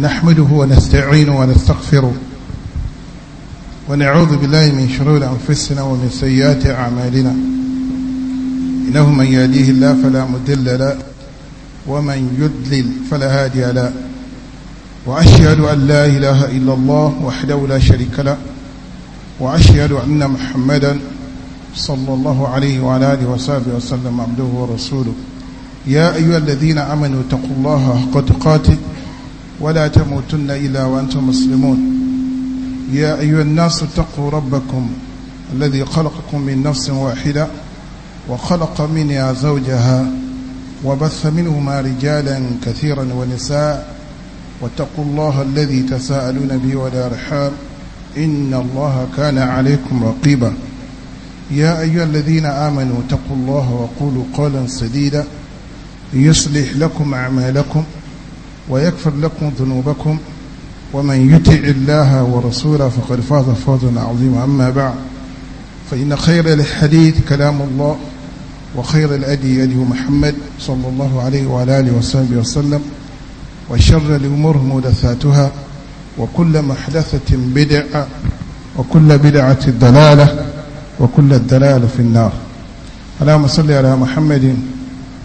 نحمده ونستعينه ونستغفره ونعوذ بالله من شرور أنفسنا ومن سيئات أعمالنا إنه من يهديه الله فلا مدل له ومن يدلل فلا هادي له وأشهد أن لا إله إلا الله وحده لا شريك له وأشهد أن محمدا صلى الله عليه وعلى آله وصحبه وسلم عبده ورسوله يا أيها الذين آمنوا اتقوا الله حق تقاته ولا تموتن إلا وأنتم مسلمون يا أيها الناس اتقوا ربكم الذي خلقكم من نفس واحدة وخلق منها زوجها وبث منهما رجالا كثيرا ونساء واتقوا الله الذي تساءلون به والارحام إن الله كان عليكم رقيبا يا أيها الذين آمنوا اتقوا الله وقولوا قولا سديدا يصلح لكم أعمالكم ويغفر لكم ذنوبكم ومن يطع الله ورسوله فقد فاز فوزا عظيما أما بعد فإن خير الحديث كلام الله وخير الأدي يد محمد صلى الله عليه وعلى آله وصحبه وسلم وشر الأمور محدثاتها وكل محدثة بدعة وكل بدعة ضلالة وكل الدلالة في النار اللهم صل على محمد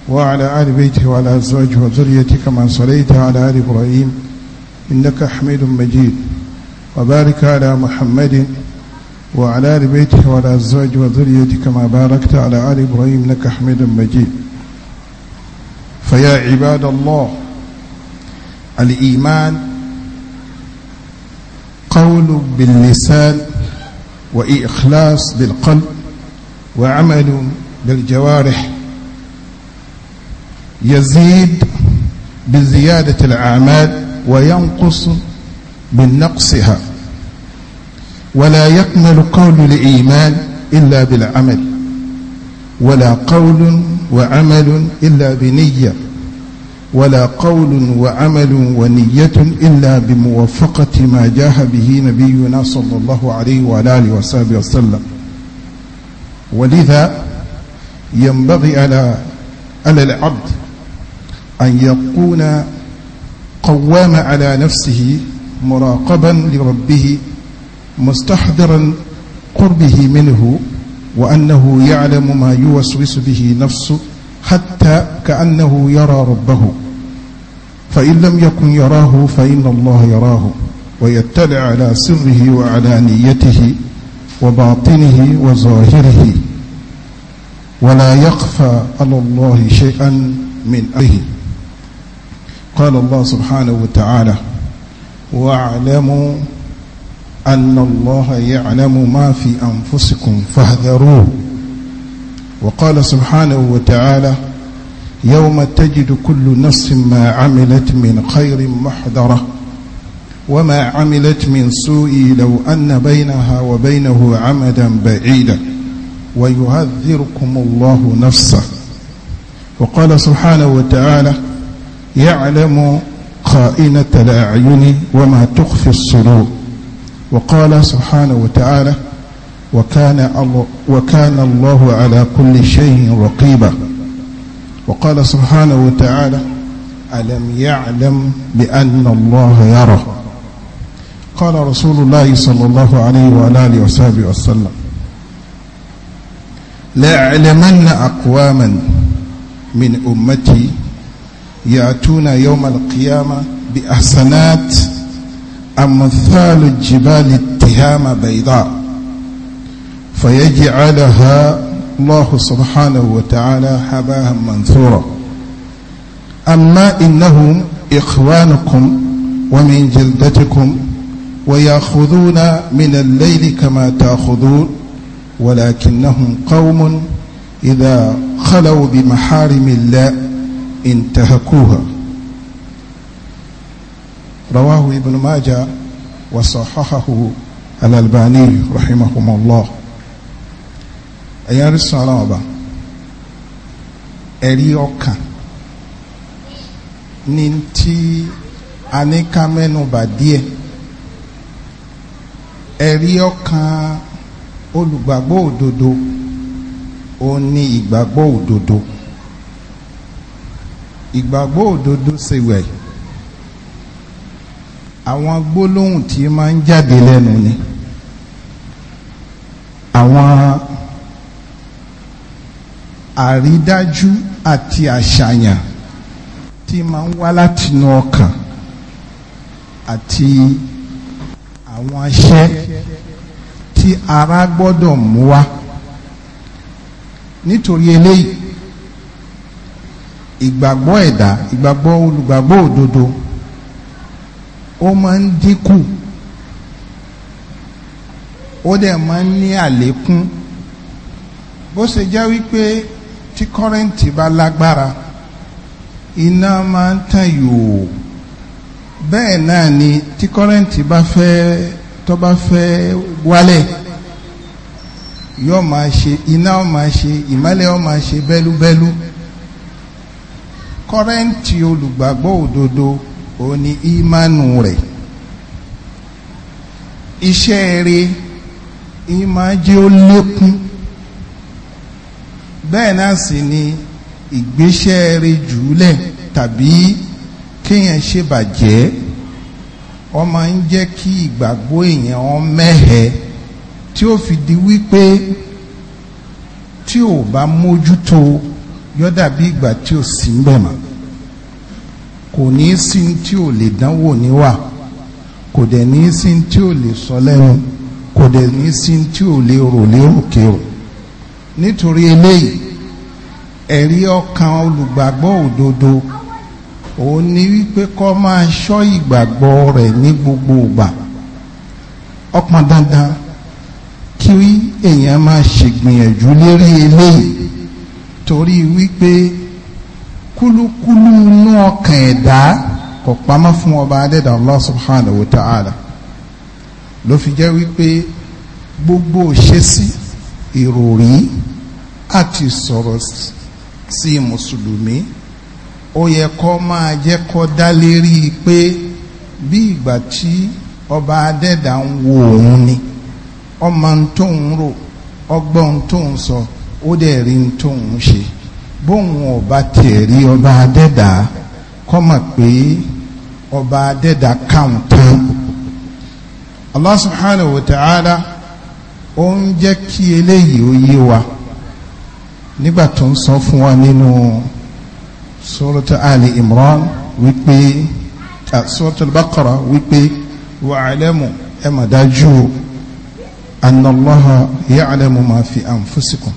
وعلى آل بيته وعلى أزواجه وذريته كما صليت على آل إبراهيم إنك حميد مجيد وبارك على محمد وعلى آل بيته وعلى أزواجه وذريته كما باركت على آل إبراهيم إنك حميد مجيد فيا عباد الله الإيمان قول باللسان وإخلاص بالقلب وعمل بالجوارح يزيد بزيادة الأعمال وينقص من نقصها ولا يكمل قول الإيمان إلا بالعمل ولا قول وعمل إلا بنية ولا قول وعمل ونية إلا بموافقة ما جاه به نبينا صلى الله عليه وعلى آله وصحبه وسلم ولذا ينبغي على على العبد أن يكون قوام على نفسه مراقبا لربه مستحضرا قربه منه وأنه يعلم ما يوسوس به نفسه حتى كأنه يرى ربه فإن لم يكن يراه فإن الله يراه ويتلع على سره وعلانيته وباطنه وظاهره ولا يخفى على الله شيئا من أهله قال الله سبحانه وتعالى واعلموا أن الله يعلم ما في أنفسكم فاحذروه وقال سبحانه وتعالى يوم تجد كل نفس ما عملت من خير محضرة وما عملت من سوء لو أن بينها وبينه عمدا بعيدا ويهذركم الله نفسه وقال سبحانه وتعالى يعلم خائنة الأعين وما تخفي الصدور وقال سبحانه وتعالى وكان وكان الله على كل شيء رقيبا وقال سبحانه وتعالى ألم يعلم بأن الله يرى قال رسول الله صلى الله عليه وآله وصحبه وسلم لأعلمن أقواما من أمتي يأتون يوم القيامة بأحسنات أمثال الجبال التهام بيضاء فيجعلها الله سبحانه وتعالى هباء منثورا أما إنهم إخوانكم ومن جلدتكم ويأخذون من الليل كما تأخذون ولكنهم قوم إذا خلوا بمحارم الله انتهكوها رواه ابن ماجه وصححه الألباني رحمهم الله ẹ̀yàn rísun aláwọ̀bá ẹ̀rí ọkàn ní tí a ní ká mẹ́nubà díẹ̀ ẹ̀rí ọkàn olùgbàgbọ́ òdodo ó ní ìgbàgbọ́ òdodo ìgbàgbọ́ òdodo ṣe wẹ̀ àwọn gbólóhùn tí máa ń jáde lẹ́nu ni àwọn àrídájú àti àṣàyàn tí máa ń wá látinú ọkàn àti àwọn iṣẹ́ tí ara gbọ́dọ̀ mú wá nítorí eléyìí ìgbàgbọ́ ẹ̀dá ìgbàgbọ́ olùgbàgbọ́ òdodo ó máa ń dínkù ó dẹ̀ máa ń ní àlékún bó ṣe jẹ́ wípé tí kọ́rẹ́ǹtì bá lágbára iná máa ń tàn yòò bẹ́ẹ̀ náà ni tí kọ́rẹ́ǹtì bá fẹ́ tó bá fẹ́ wálẹ̀ yóò máa ṣe iná ó máa ṣe ìmọ́lẹ̀ ó máa ṣe bẹ́lúbẹ́lú. Bẹ́lú kọ́rẹ́ǹtì olùgbàgbọ́ òdodo òun ni ìmánu rẹ̀ iṣẹ́ rẹ̀ ìmájí ó lékún bẹ́ẹ̀ náà sì ni ìgbésẹ̀ rẹ̀ jùlẹ̀ tàbí kéèyàn ṣe bàjẹ́ wọ́n máa ń jẹ́ kí ìgbàgbọ́ èèyàn wọn mẹ́hẹ tí ó fi di wípé tí ò bá mójútó yóò dàbí ìgbà tí ò sí ń bẹ̀ mọ́ kò ní í sí tí ò lè dánwò níwà kò dẹ̀ ní í sí tí ò lè sọ lẹ́nu kò dẹ̀ ní í sí tí ò lè rò léròkèrò nítorí eléyìí ẹ̀rí ọkàn olùgbàgbọ́ òdodo òun ni wípé kó máa ṣọ́ ìgbàgbọ́ rẹ̀ ní gbogbo ìgbà ọpọn dandan kí èèyàn máa ṣègbìyànjú lérí eléyìí torí wípé kúlúkúlú inú ọkàn ẹ̀dá kò pamọ́ fún ọba adẹ́dà Allah subhanahu wa ta'ala ló fi jẹ́ wípé gbogbo òṣèṣì ìròrí àti sọ̀rọ̀ sí mùsùlùmí ó yẹ kó máa jẹ́ kó dá lérí pé bí ìgbà tí ọba adẹ́dà ń wo òun ni ọmọ ń rò ọgbọ́n tóun sọ. So ó dẹ̀ rí tóun ṣe bóun ọba tiẹ̀ rí ọba adẹ́dà kọ́ mọ̀ pé ọba adẹ́dà káwọn tán Allah subhanahu wa ta'ala ó ń jẹ́ kí eléyìí ó yé wa nígbà tó ń sọ fún wa nínú suratu Ali Imran wípé suratu al-Baqara wípé wa'lamu ẹ mà dájú anna Allaha ya'lamu ma fi anfusikum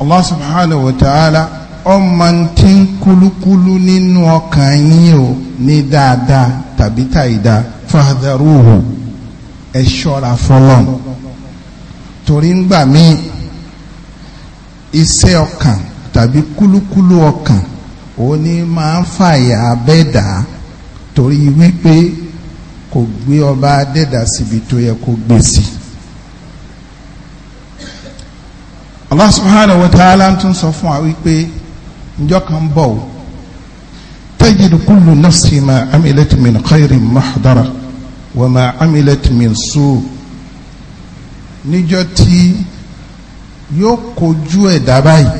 Allah subhanahu wa ta'ala ọmọ tí ń kulukulu nínú ọkàn yín o ní dáadáa tàbí tàìdá fàdàrúhù ẹ ṣọ́ra fọlọ́n torí ń gbà mí iṣẹ́ ọkàn tàbí kulukulu ọkàn ó ní máa ń fàyà abẹ́dà torí wípé kò gbé ọba adẹ́dà síbi tó yẹ kó gbé sí Allah subhanahu wa ta'ala tún sọ fún wa wípé njọ́ kan bọ̀ o tajidu kullu nafsi ma amilat min khairin mahdara wa ma amilat min su níjọ́ tí yóò kojú ẹ̀dá báyìí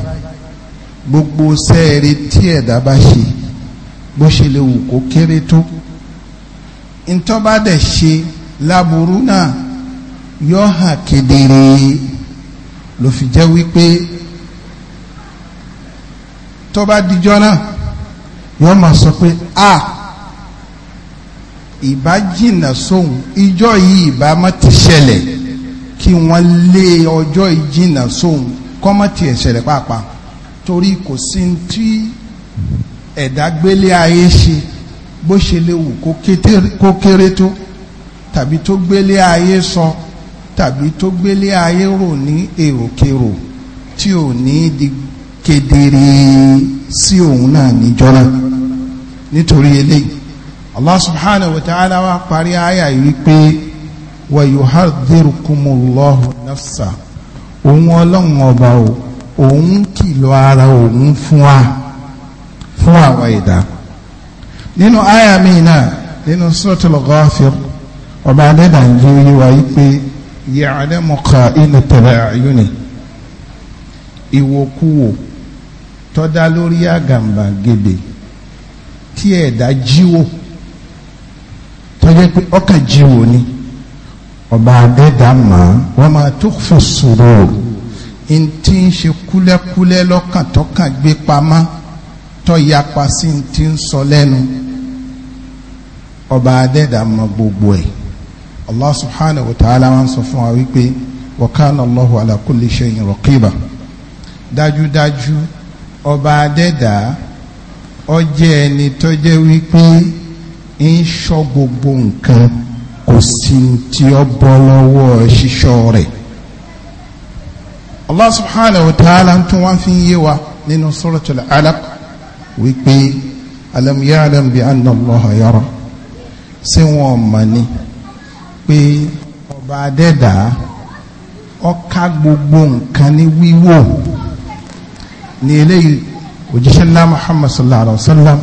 gbogbo sẹ́ẹ̀rì tí ẹ̀dá bá ṣe bó ṣe lè wù kó kéré tó ntọ́ bá dẹ̀ ṣe láburú náà yóò hàn kedere ló fi jẹ́ wípé tó bá dijọ́ náà yóò máa sọ pé a ìbá jìnnà sóhun ijọ́ yìí ìbá má ti ṣẹlẹ̀ kí wọ́n lé ọjọ́ ìjìnnà sóhun kọ́ má ti ṣẹlẹ̀ pàápàá torí kò sí tí ẹ̀dá gbélé ayé ṣe bó ṣe léwu kó kéré tó tàbí tó gbélé ayé sọ. So tàbí tó gbélé ayé rò ní èròkèrò tí ò ní di kedere sí òun náà níjọ́nà nítorí eléyìí Allah subhanahu wa ta'ala wa parí àyà yìí pé wa yuhadhdhirukumullahu nafsa òun ọlọ́run ọba o òun kìlọ̀ ara òun fún wa fún àwa ìdá nínú àyà mi náà nínú suratul ọba adẹ́dàá ń jẹ́ yìí pé ya'lamu kha'inata a'yuni ìwòkuwò tọ́dá lórí àgàmbàgebè tí ẹ̀dá jíwò tọ́jẹ́ pé ọkà jíwò ni ọba adẹ́dá màá wọ́n máa tukhfi sudur n tí ń ṣe kúlẹ́kúlẹ́ lọ́kàn tọ́kàn gbé pamọ́ tọ́ yapa sí ti ń sọ lẹ́nu ọba adẹ́dá mọ gbogbo ẹ̀ allah subhanahu wa ta'ala máa ń sọ fún wa wípé wa kana allahu ala kulli shay'in raqiba dájúdájú ọba adẹ́dà ó jẹ́ ẹni tó jẹ́ wípé ń ṣọ́ gbogbo nǹkan kò sí tí ó bọ́ lọ́wọ́ ṣíṣọ́ rẹ̀ allah subhanahu wa ta'ala tún wá fi yé wa nínú suratul alaq wípé alam bi anna allaha yara ṣé wọn pé ọba adẹ́dà ọka gbogbo nǹkan ní wíwò ní eléyìí òjíṣẹ́ ńlá Muhammad sallallahu alaihi wa sallam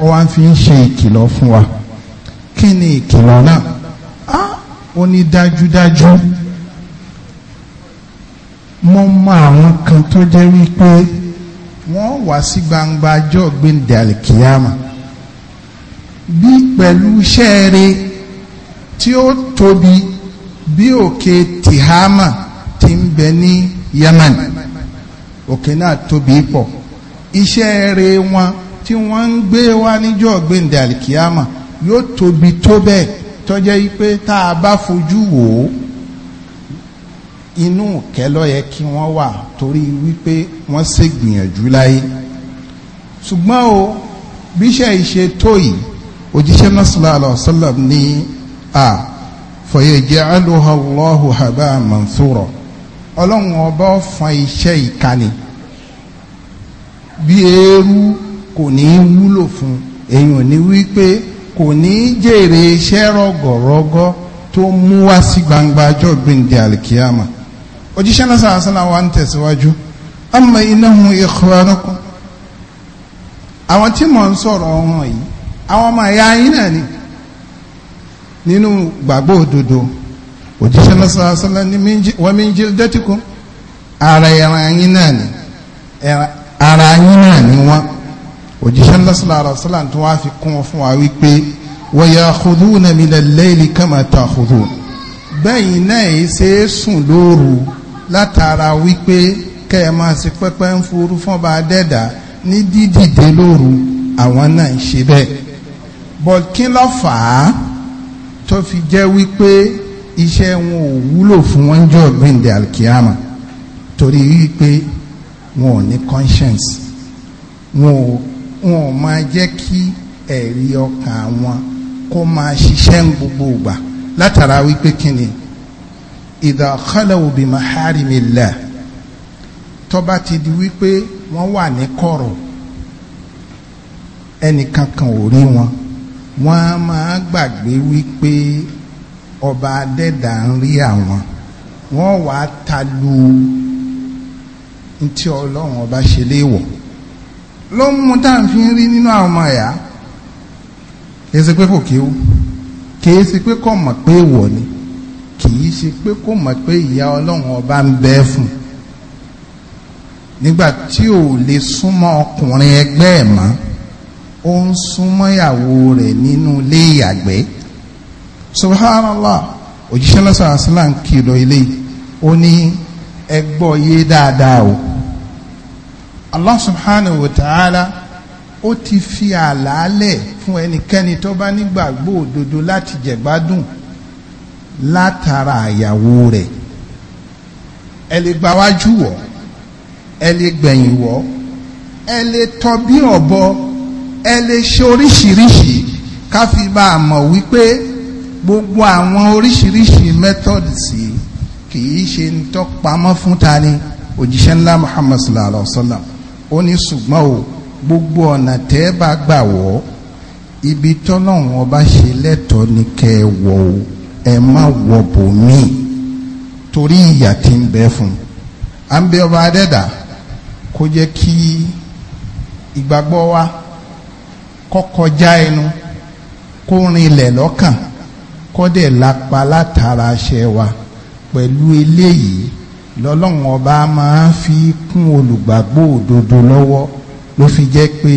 ó wá fi ń ṣe ìkìlọ̀ fún wa kí ni ìkìlọ̀ náà á ó ní dájúdájú mo mọ àwọn kan tó jẹ́ wípé wọ́n wá sí gbangba ajọ́ gbẹ̀ndẹ̀ alikiyama bí pẹ̀lú iṣẹ́ rẹ̀ tí ó tóbi bí òkè tihama ti ń bẹ ní Yemen òkè náà tóbi pọ̀ iṣẹ́ rere wọn tí wọ́n ń gbé wá níjọ́ gbẹ̀ǹdẹ̀ alikiyama yóò tóbi tó bẹ́ẹ̀ tọ́jẹ́ pé tá a bá fojú wò ó inú kẹlọ yẹ kí wọ́n wà torí wípé wọ́n ṣe gbìyànjú láyé ṣùgbọ́n o bíṣẹ́ ìṣe tó yìí òjíṣẹ́ náà sallallahu alaihi ní a fọyẹja'aluha Allahu haba mansura ọlọ́run ọba ọ̀fọn iṣẹ́ ìkànnì Bi eérú kò ní wúlò fún èèyàn ní wípé kò ní jèrè iṣẹ́ rọgọrọgọ tó mú wá sí gbangba jọ gbìndé alikiyama òjíṣẹ́ náà sàásánà wa ń tẹ̀síwájú àwọn tí mò ń sọ̀rọ̀ ọ̀hún yìí àwọn ọmọ ẹ̀yà yín nínú gbàgbọ́ òdodo òjíṣẹ́ lọ́sọ̀ọ́sọ́lá ní wọ́n min jildatikum ara ẹran yín náà ni ara yín náà ni wọ́n òjíṣẹ́ lọ́sọ̀ọ́sọ́lá tó wá fi kún fún wa wípé wa ya'khudhuna minal layli kama ta'khudhun bẹ́yìn náà yìí ṣe é sùn lóru látara wípé kẹ́ ẹ máa ṣe pẹ́pẹ́ ń furu fún ọba adẹ́dà ní dídìde lóru àwọn náà ń ṣe bẹ́ẹ̀ bọ̀dkínlọ́fàá tó fi jẹ́ wípé iṣẹ́ wọn ò wúlò fún wọn jọ gbìndé alkiyama torí wípé wọn ò ní conscience wọn ò wọn ò máa jẹ́ kí ẹ̀rí ọkàn wọn kó máa ṣiṣẹ́ ń gbogbo ìgbà látara wípé kí ni idha khalaw bi maharimillah tó bá ti di wípé wọ́n wà ní kọ̀rọ̀ ẹnìkan kan ò rí wọn wọ́n á máa gbàgbé wípé ọba adẹ́dà ń rí àwọn wọ́n wá talu ntí ọlọ́run ọba ṣe léèwọ̀ ló ń mú táà fi ń rí nínú àwọn ọmọ ẹ̀yà kìí ṣe pé kò kéwú kìí ṣe pé kò mọ̀ pé èèwọ̀ ni kìí ṣe pé kò mọ̀ pé ìyá ọlọ́run ọba ń bẹ fún nígbà tí ò lè súnmọ́ ọkùnrin ẹgbẹ́ ẹ̀ mọ́ ó ń súnmọ́ ìyàwó rẹ̀ nínú ilé ìyàgbẹ́ subhanallah òjíṣẹ́ lọ́sàn asílám kìlọ̀ ilé ó ní ẹgbọ́ yé dáadáa o allah subhanahu wa ta'ala ó ti fi àlàálẹ̀ fún ẹnikẹ́ni tó bá nígbàgbọ́ òdodo láti jẹ̀gbádùn látara àyàwó rẹ̀ ẹ lè gbáwájú wọ̀ ẹ lè gbẹ̀yìn wọ̀ ẹ lè tọ́ bí ọ̀bọ ẹ lè ṣe oríṣiríṣi ká fi bá a mọ̀ wípé gbogbo àwọn oríṣiríṣi methods yìí kì í ṣe ń tọ́pamọ́ fún ta ni òjíṣẹ́ ńlá Muhammad sallallahu alaihi wa sallam ó ní ṣùgbọ́n o gbogbo ọ̀nà tẹ́ bá gbà wọ́ ibi tọ́lọ́run ọba ṣe lẹ́tọ̀ọ́ ni kẹ́ ẹ wọ̀ o ẹ má wọ̀ bòmíì torí ìyà tí ń bẹ fún à ń bẹ ọba adẹ́dà kó jẹ́ kí ìgbàgbọ́ wa. kó kọjá ẹnu kó rinlẹ̀ lọ́kàn kó dẹ̀ lápá látara ṣẹ wa pẹ̀lú eléyìí lọ́lọ́run ọba máa fi kún olùgbàgbọ́ òdodo lọ́wọ́ ló fi jẹ́ pé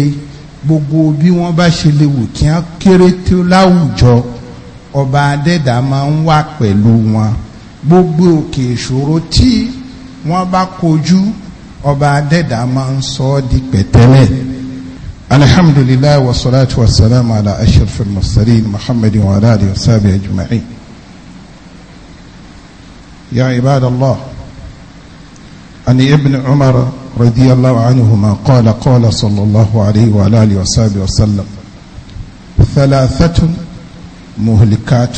gbogbo bí wọ́n bá ṣe lè wù kí wọ́n kéré tó láwùjọ ọba adẹ́dà máa ń wà pẹ̀lú wọn gbogbo òkè ìṣòro tí wọ́n bá kojú ọba adẹ́dà máa ń sọ ọ́ di pẹ̀tẹ́lẹ̀. الحمد لله والصلاة والسلام على أشرف المرسلين محمد وعلى آله وصحبه أجمعين يا عباد الله أن ابن عمر رضي الله عنهما قال قال صلى الله عليه وعلى آله وصحبه وسلم ثلاثة مهلكات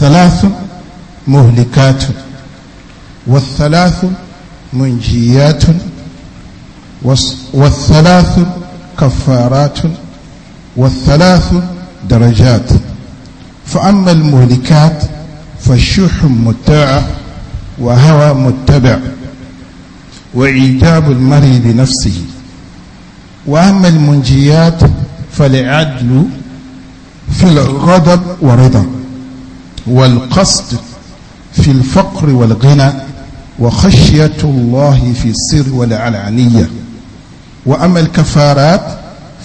ثلاث مهلكات والثلاث منجيات والثلاث كفارات والثلاث درجات فأما المهلكات فالشح متاع وهوى متبع وإيجاب المرء لنفسه وأما المنجيات فالعدل في الغضب ورضا والقصد في الفقر والغنى وخشية الله في السر والعلانية وأما الكفارات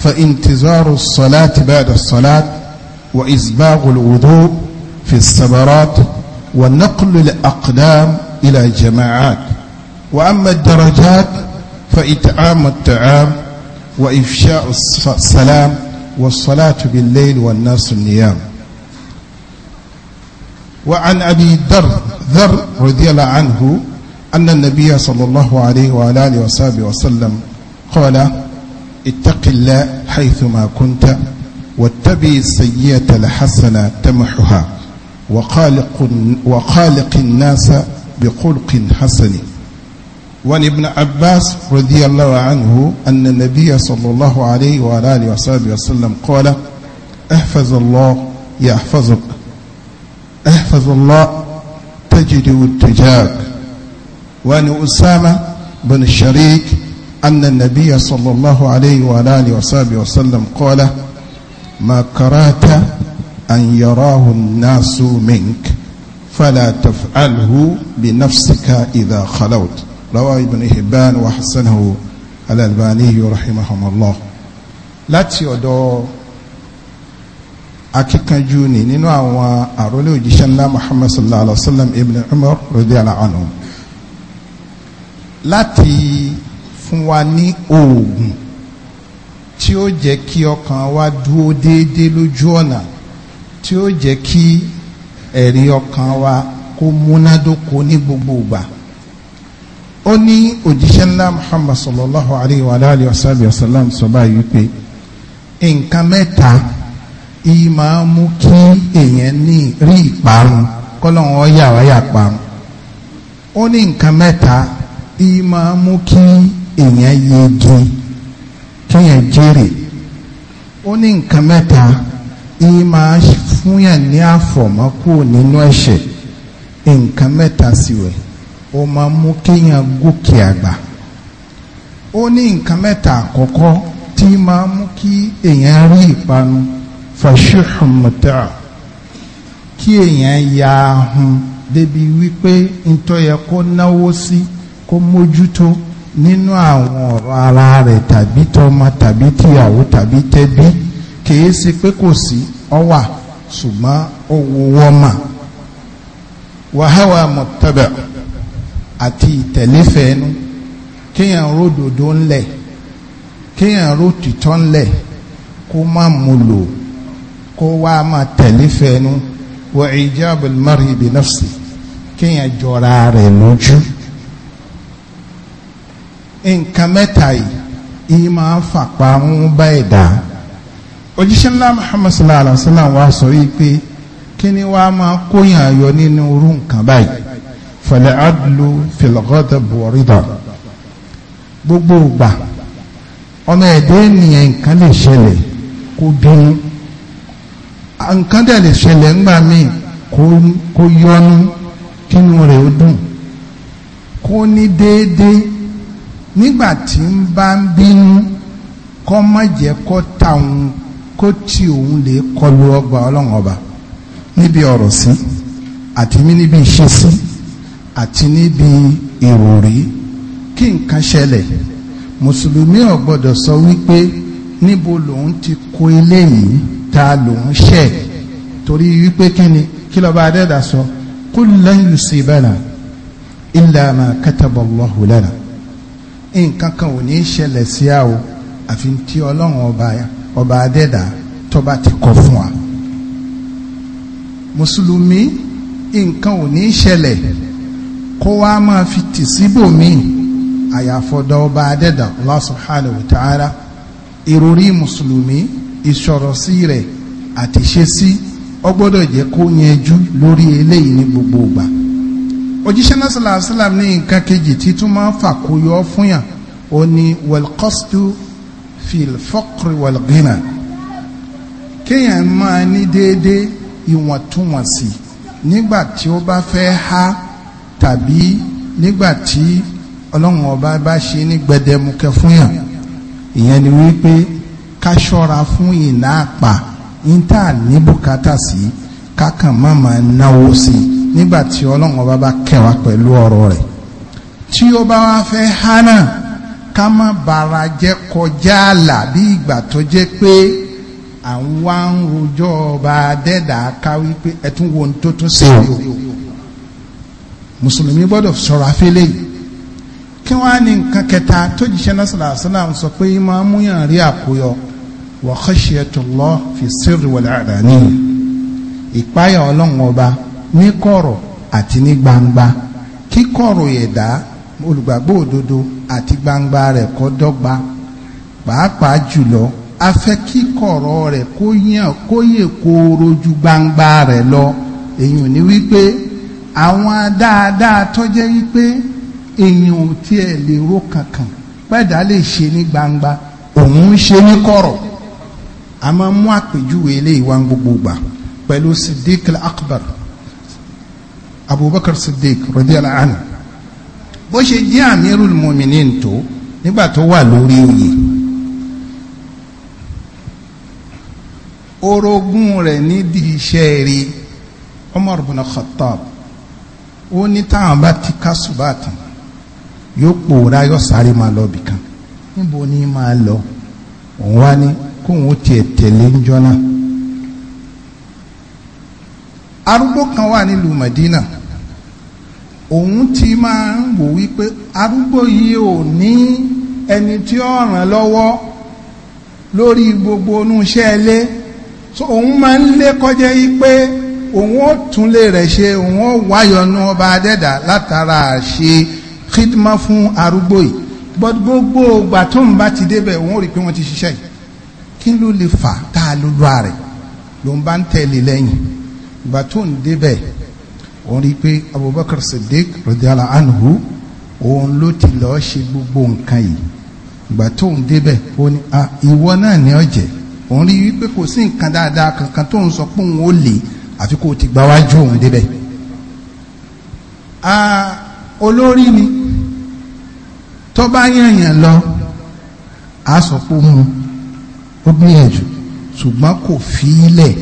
فانتظار الصلاة بعد الصلاة وإسباغ الوضوء في السبرات ونقل الأقدام إلى جماعات وأما الدرجات فإطعام الطعام وإفشاء السلام والصلاة بالليل والناس النيام وعن أبي الدر ذر رضي الله عنه أن النبي صلى الله عليه وعلى آله وصحبه وسلم قال اتق الله حيثما كنت واتبع السيئة الحسنة تمحها وخالق, وخالق الناس بخلق حسن وعن ابن عباس رضي الله عنه أن النبي صلى الله عليه وعلى آله وصحبه وسلم قال احفظ الله يحفظك احفظ الله تجد تجاك وأن أسامة بن الشريك أن النبي صلى الله عليه وعلى آله وصحبه وسلم قال ما كرهت أن يراه الناس منك فلا تفعله بنفسك إذا خلوت رواه ابن حبان وحسنه الألباني رحمه الله láti ọ̀dọ̀ akíkanjú ni nínú àwọn àrólé òjíṣẹ́ ńlá muhammad sallallahu alaihi wa sallam ibn umar láti fún wa ní oògùn tí ó jẹ́ kí ọkàn wa dúó déédéé lójú ọ̀nà tí ó jẹ́ kí ẹ̀rí ọkàn wa kó múnádóko ní gbogbo ìgbà ó ní òjíṣẹ́ ńlá Muhammad sallallahu alayhi wa alayhi wa sallam wa sallam sọ báyìí pé nǹkan mẹ́ta yìí máa mú kí èèyàn ní rí ìparun kọ́lọ́hún ọ̀yà ọ̀yà parun ó ní nǹkan mẹ́ta í máa mú kí èèyàn yege kéèyàn jèrè ó ní nǹkan mẹ́ta í máa fúnyàn ní àfọ̀mọ́kù nínú ẹ̀ṣẹ̀ nǹkan mẹ́ta sì wẹ̀ ó máa mú kéèyàn gòkè àgbà ó ní nǹkan mẹ́ta àkọ́kọ́ tí máa mú kí èèyàn rí ìpanu fàṣíhùmùtà kí èèyàn ya ahun débi wípé ntọ́ yẹ kó náwó sí. Si kó mójútó nínú àwọn ọ̀rọ̀ ara rẹ̀ tàbí tọmọ tàbí tìyàwó tàbí tẹbí kìí sí pé kò sí ọwà ṣùgbọ́n ó wo wọ́mà wàháwà mọ̀tẹ́bẹ̀ àti ìtẹ̀lẹ́fẹ̀ẹ́nu kéèyàn ródòdó ńlẹ̀ kéèyàn ró tìtọ́ ńlẹ̀ kó má mú lò kó wá máa tẹ̀lẹ́fẹ̀ẹ́nu wọ ìjábọ̀ mọ́rin ibi náà jọra rẹ̀ lójú. No nǹkan mẹ́ta yìí ìyí máa ń fàpá ń bá ẹ̀dá òjíṣẹ́ ńlá Muhammad sallallahu alaihi wa sallam wa sọ yìí pé kí ni wàá máa kóyàn ayọ̀ nínú irú nǹkan báyìí fẹ̀lẹ́ adlu filọ́gọ́dẹ buwarida gbogbo ìgbà ọmọ ẹ̀dẹ́ ènìyàn nǹkan lè ṣẹlẹ̀ kó bínú nǹkan dẹ̀ lè ṣẹlẹ̀ ńgbà míì kó yọnu kínú rẹ̀ ó dùn kó ní déédéé nígbà tí ń bá ń bínú kọ́ má jẹ́ kó tàun kó tí òun lè kọlu ọgbà ọlọ́run ọba níbi ọ̀rọ̀ sí àti níbi ìṣe sí àti níbi ìròrí kí nǹkan ṣẹlẹ̀ mùsùlùmí ò sọ wípé níbo lòun ti kó eléyìí ta lòun ṣẹ̀ torí wípé kí ni kí lọ́ba adẹ́dà sọ kul lan yusibana illa ma kataba Allahu lana. nǹkan kan ò ní í ṣẹlẹ̀ sí a o àfi tí ọlọ́run ọba ọba adẹ́dà tọ́ba ti kọ fún wa mùsùlùmí nǹkan ò ní í ṣẹlẹ̀ kó wa máa fi tì síbòmíì àyàfọ̀dọ̀ ọba adẹ́dà Allah subhanahu irori ta'ala ìròrí mùsùlùmí ìṣọ̀rọ̀sí rẹ̀ àtìṣesí ọgbọ́dọ̀ jẹ́ kó yẹjú lórí eléyìí ní gbogbo ìgbà. òjíṣẹ́ náà sàlá sàlám ní nǹkan kejì tí tún máa ń fàkóyọ fún yàn ó ní wàlkọ́stù fìlfọ́kùrì wàlgínà kéèyàn máa ní déédéé ìwọ̀ntúnwọ̀nsì nígbà tí ó bá fẹ́ há tàbí nígbà tí ọlọ́run ọba bá ṣe ní gbẹdẹmukẹ fún yàn ìyẹn ni wípé ká ṣọ́ra fún ìná àpà níta ní bùkátà sí kákan má máa náwó sí i nígbà tí ọlọ́run ọba bá kẹwàá pẹ̀lú ọ̀rọ̀ rẹ̀ tí ó bá wá fẹ́ hánà ká má bara jẹ́ kọjá àlà bí ìgbà tó jẹ́ pé àwa ń rojọ́ ọba dẹ́dà ká wípé ẹ̀tún wo ní tó tún sí o mùsùlùmí gbọ́dọ̀ sọ̀rọ̀ afẹ́lẹ́ yìí kí wọ́n á ní nǹkan kẹta tó jíṣẹ́ náà sọ̀rọ̀ àṣálà sọ pé máa mú yàn rí àkóyọ wa khashiyatullah fi sirri wal alani ìpáyà ọlọ́run ọba ní kọ̀rọ̀ àti ní gbangba kíkọ̀rọ̀ ẹ̀dá olùgbàgbọ́ òdodo àti gbangba rẹ̀ kó dọ́gba pàápàá jùlọ a fẹ́ kíkọ̀rọ̀ rẹ̀ kó yàn kó yè kooro ju gbangba rẹ̀ lọ èyàn ní wípé àwọn dáadáa tó jẹ́ wípé èyàn ò tiẹ̀ lè ro kankan pẹ́ẹ́dá lè ṣe ní gbangba òun ń ṣe ní kọ̀rọ̀ a máa mú àpèjúwe eléyìí wá gbogbo gbà pẹ̀lú Siddiq akbar abubakar siddiq radiyallahu anhu bó ṣe jẹ́ amirul muminin tó nígbà tó wà lórí oyè orogún rẹ̀ nídìí iṣẹ́ rí umar bin khattab ó ní táwọn bá ti kásùbà tán yóò pòórá yóò sáré máa lọ bìkan níbo ni máa lọ òun wá ní kóun ó tiẹ̀ tẹ̀lé ń jọ náà arúgbó kan wà nílùú Madina òun ti máa ń wò wípé arúgbó yìí ò ní ẹni tí ó ràn lọ́wọ́ lórí gbogbo inú iṣẹ́ ilé so òun máa ń lé kọjá yìí pé òun ó túnlé rẹ̀ ṣe òun ó wáyọnu ọba adẹ́dà látara ṣe khidma fún arúgbó yìí but gbogbo ìgbà tó ń bá ti débẹ̀ òun ó rí i pé wọ́n ti ṣiṣẹ́ yìí kí ló lè fà tá a lólu ààrẹ ló ń bá ń tẹ̀lé lẹ́yìn ìgbà tó ń débẹ̀ òun rí i pé Abubakar Siddiq rọdíàlà anhu òun ló ti lọ́ọ́ ṣe gbogbo nǹkan yìí ìgbà tó ń débẹ̀ ó ní a ìwọ náà ní ọ̀jẹ̀ òun rí i wípé kò sí nǹkan dáadáa kankan tó ń sọ pé òun ó lè àfi kó o ti gba wájú òun débẹ̀ a olórí ni tó bá yànyàn lọ a sọ pé òun ó gbìyànjú ṣùgbọ́n kò fi í lẹ̀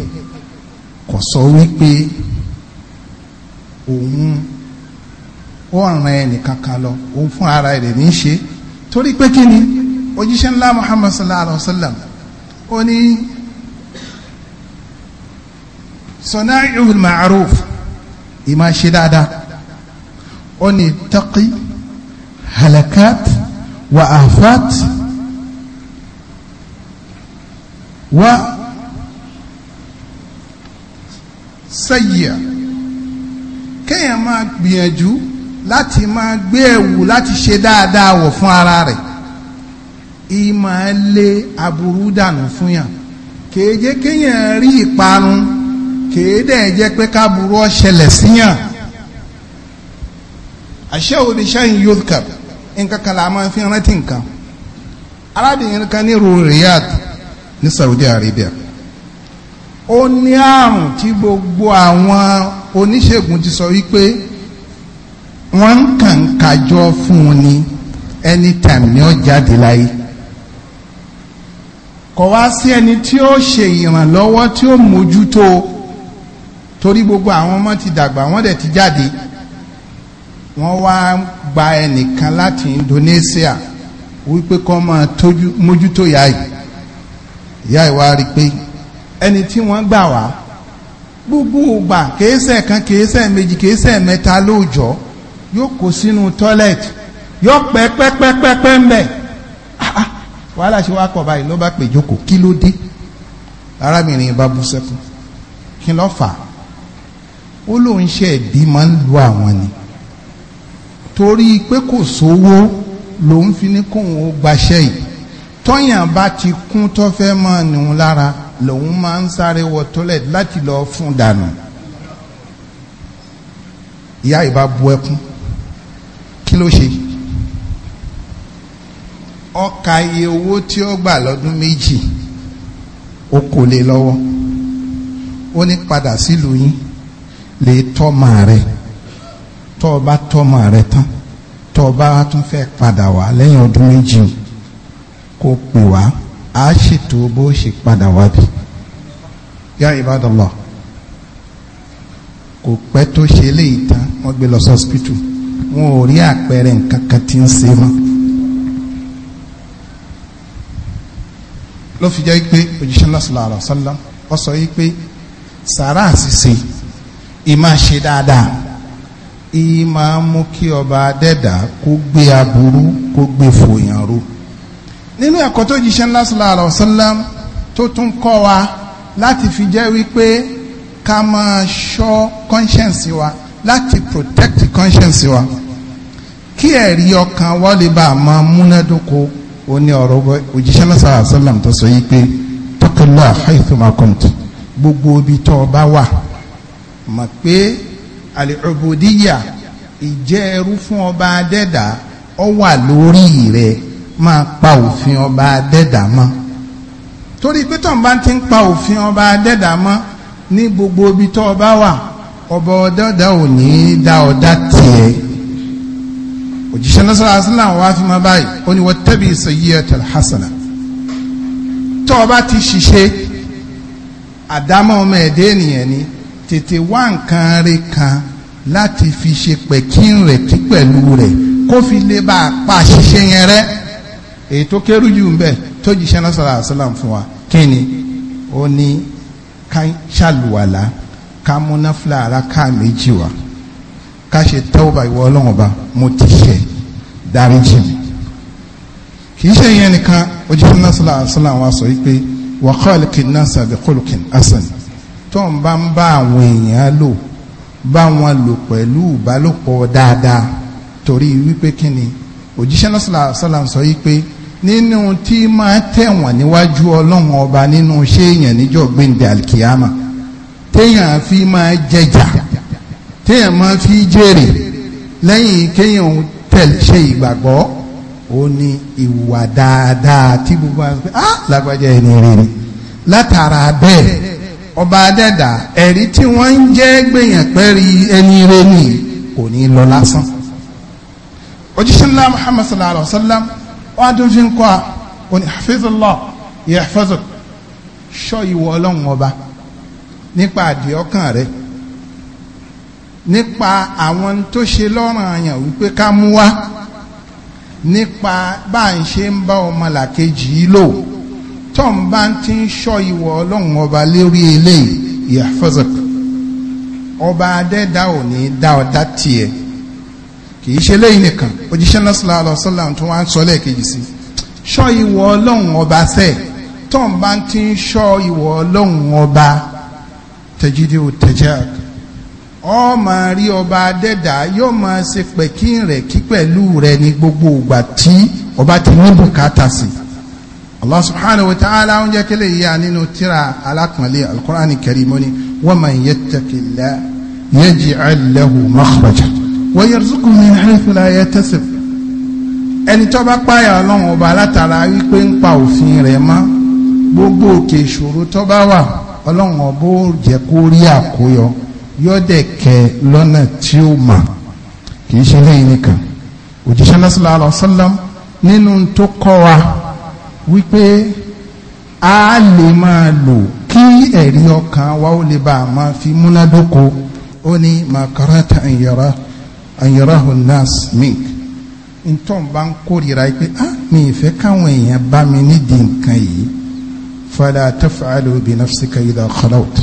kò sọ wípé òun ó ràn ẹnìkan kan lọ òun fún ara rẹ̀ ní í ṣe torí pé kí ni òjíṣẹ́ ńlá Muhammad sallallahu alaihi wa sallam ó ní sọ̀nàìhùn ma'aruf ìmá ṣe dáadáa ó ní taqi halakat wa afat wa sayya kéèyàn máa gbìyànjú láti máa gbé ẹ̀wù láti ṣe dáadáa wọ̀ fún ara rẹ̀ ìyí máa lé aburú dànù fún yàn kèé jẹ́ kéèyàn rí ìparun kèé dẹ̀ jẹ́ pé káburú ó ṣẹlẹ̀ sí yàn àṣẹ òde ṣáyìn youth cup nǹkan kan la máa fi rántí nǹkan arábìnrin kan ní ru Riyadh ní Saudi Arabia ó ní àrùn tí gbogbo àwọn oníṣègùn ti sọ wípé wọ́n ń kàn fún un ni anytime ni ó jáde láyé kò wá sí ẹni tí ó ṣe ìrànlọ́wọ́ tí ó mójútó torí gbogbo àwọn ọmọ ti dàgbà wọ́n dẹ̀ ti jáde wọ́n wá gba ẹnìkan láti Indonesia wípé kó máa mójútó ìyá yìí ìyá yìí pé ẹni tí wọ́n gbà wá gbogbo ògbà kèésẹ̀ kan kèésẹ̀ méjì kèésẹ̀ mẹ́ta lóòjọ́ yóò kó sínú toilet yóò pẹ́ pẹ́pẹ́pẹ́pẹ́ ń bẹ̀ ah, ah, wàhálà ṣe wá kọ̀ báyìí ló bá pè jókòó kí ló dé arábìnrin bá bú sẹ́kùn kí ló fà á ó lóun ṣe ẹ̀bí máa ń lu àwọn ni torí pé kò sówó lòun fi ní kóun ó gbaṣẹ́ yìí tọ́yàn bá ti kún tó fẹ́ mọ́ lára lòun máa ń sáré wọ toilet láti lọ fún dànù ìyá ìbá bu ẹkún kí ló ṣe ọkà iye owó tí ó gbà lọ́dún méjì ó kò lè lọ́wọ́ ó ní padà sílùú yín lè tọ́mà rẹ̀ tọ́ ọ bá tọ́mà rẹ̀ tán tọ́ ọ bá tún fẹ́ padà wá lẹ́yìn ọdún méjì kó pè wá a ṣètò bó ṣe padà wábi yá Ibadallah kò pẹ́ tó ṣe léyìí tán wọ́n gbé lọ sọ́spítù wọn ò rí àpẹẹrẹ nǹkan kan tí ń ṣe mọ́ ló fi jẹ́ pé òjíṣẹ́ sallallahu alaihi wasallam ọ sọ yìí pé sàrà àṣìṣe ìmá ṣe dáadáa ìmá mú kí ọba adẹ́dà kó gbé aburú kó gbé fòyàn ro nínú ẹ̀kọ́ tó jíṣẹ́ ńlá sallallahu alaihi wasallam tó tún kọ́ wa láti fi jẹ́ wípé ká máa ṣọ́ conscience wa láti protect conscience wa kí ẹ̀rí ọkàn wa lè bá a máa múnádóko ó ní ọ̀rọ̀ òjíṣẹ́ ńlá sallallahu alaihi tó sọ yìí pé taqullah haythuma kunt gbogbo ibi tó o bá wà mọ̀ pé al ìjẹ́ ẹrú fún ọba adẹ́dà ọ wà lórí rẹ̀ máa pa òfin ọba adẹ́dà mọ́ torí pé tó ń bá ti ń pa òfin ọba adẹ́dà mọ́ ní gbogbo ibi tó ọba wà ọba ọdọ́dà ò ní í dá ọ̀dá tiẹ̀ òjíṣẹ́ lọ́sọ̀rọ̀ asílà wà fi mọ́ báyìí ó ní wattabi sayyi'atal hasana tó ọba ti ṣiṣẹ́ àdámọ́ ọmọ ẹ̀dẹ́ ènìyàn ni tètè wá nǹkan rẹ̀ kan láti fi ṣe pẹ̀kín rẹ̀ kí pẹ̀lú rẹ̀ kó fi lè bá a pa ṣiṣẹ́ yẹn rẹ́ èyí tó kéré jù bẹ tó jíṣẹ́ náà sọ̀rọ̀ àṣàlám fún wa kí ni ó ní ká ṣàlùwàlá ká múná fúlàrá ká méjì wá ká ṣe tọ́wọ́bà ìwọ ọlọ́run ọba mo ti ṣe mi kì í ṣe ìyẹn nìkan òjíṣẹ́ náà sọ̀rọ̀ àṣàlám wa sọ wípé náà sàbẹ̀ asan tó ń bá ń bá àwọn èèyàn lò bá wọn lò pẹ̀lú ìbálòpọ̀ dáadáa torí wípé kí ni òjíṣẹ́ náà sọ̀rọ̀ àṣàlám sọ wípé. nínú tí máa tẹ̀wọ̀n níwájú ọlọ́run ọba nínú ṣéèyàn níjọ́ gbẹ̀ǹdẹ̀ alkiyama téèyàn fi máa jẹjà téèyàn máa fi jèrè lẹ́yìn kéèyàn tẹ̀lé ṣe ìgbàgbọ́ ó ní ìwà dáadáa tí gbogbo àwọn pé ah lágbájá ẹni rere látara bẹ́ẹ̀ ọba adẹ́dà ẹ̀rí tí wọ́n ń jẹ́ gbẹ̀yàn pẹ́rí ẹni rere kò ní lọ lásán òjíṣẹ́ ńlá Muhammad sallallahu alaihi wa sallam. wọ́n á a ọlọ́run ọba nípa àdì rẹ nípa àwọn tó ṣe lọ́rùn àyàn wípé ká mú wá nípa bá ń ṣe ń bá ọmọ làkejì lò tọ́m bá ń ti ń ṣọ́ ìwọ ọlọ́run ọba lérí kì í ṣe lẹ́yìn nìkan òjíṣẹ́ náà sallallahu alaihi wasallam tó wá ń sọ lẹ́ẹ̀kejì sí ṣọ́ ìwọ ọlọ́run ọba sẹ́ tó ń bá ti ń ṣọ́ ìwọ ọlọ́run ọba tẹ̀jídé ò tẹ̀jẹ́ àgbà ọ máa rí ọba adẹ́dà yóò máa ṣe pẹ̀kí rẹ̀ kí pẹ̀lú rẹ̀ ní gbogbo ìgbà tí ọba ti ní bùkátà sí Allah subhanahu wa ta'ala ń jẹ́ kílẹ̀ yíya nínú tíra alákùnlé al-Qur'an al-Karim ni wa man yattaqillah yaj'al lahu makhraja wọ́n yarzuqhu min haythu la yahtasib ẹni tó bá páyà ọlọ́run ọba látara wípé ń pa òfin rẹ̀ mọ́ gbogbo òkè ìṣòro tó bá wà ọlọ́run ọba ó jẹ́ kó rí àkóyọ yọ́dẹ̀ kẹ lọ́nà tí ó mà kì í ṣe lẹ́yìn nìkan òjíṣẹ́ lọ́sọ̀lá àlọ́sọ́lám nínú tó kọ́ wa wípé a lè máa lò kí ẹ̀rí ọkàn wa ó lè bá a máa fi múnádóko ó ní màkàrà tàn yàrá ayọ̀rọ̀hùn nurse mink ntọ́n bá ń kórìíra pé ah mi ìfẹ́ káwọn èèyàn bá mi nídìí nǹkan yìí fala taf'alu bi nafsika idha khalawt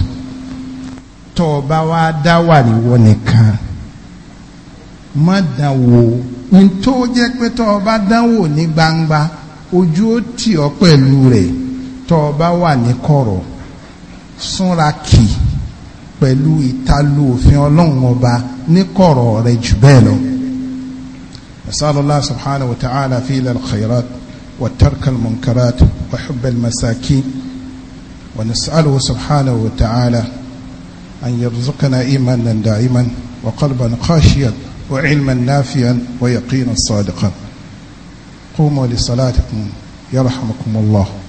tọ́ ọ bá wá dá wà níwọ nìkan má dán wò ntọ́ jẹ́ pé tọ́ ọ bá dán gbangba ojú ó tì ọ́ pẹ̀lú rẹ̀ tọ́ ọ bá wà kìí. pẹ̀lú ìtàlù òfin ọlọ́run ọba ní kọ̀rọ̀ rẹ̀ jù bẹ́ẹ̀ lọ. nasalala subhanahu wa ta'ala fi ilal khairat wa tarkal munkarat wa hubbal masakin wa nasalu subhanahu wa ta'ala an yarzuqana imanan da'iman wa qalban khashiyan wa ilman nafiyan wa yaqinan sadiqan qumu li salatikum yarhamukum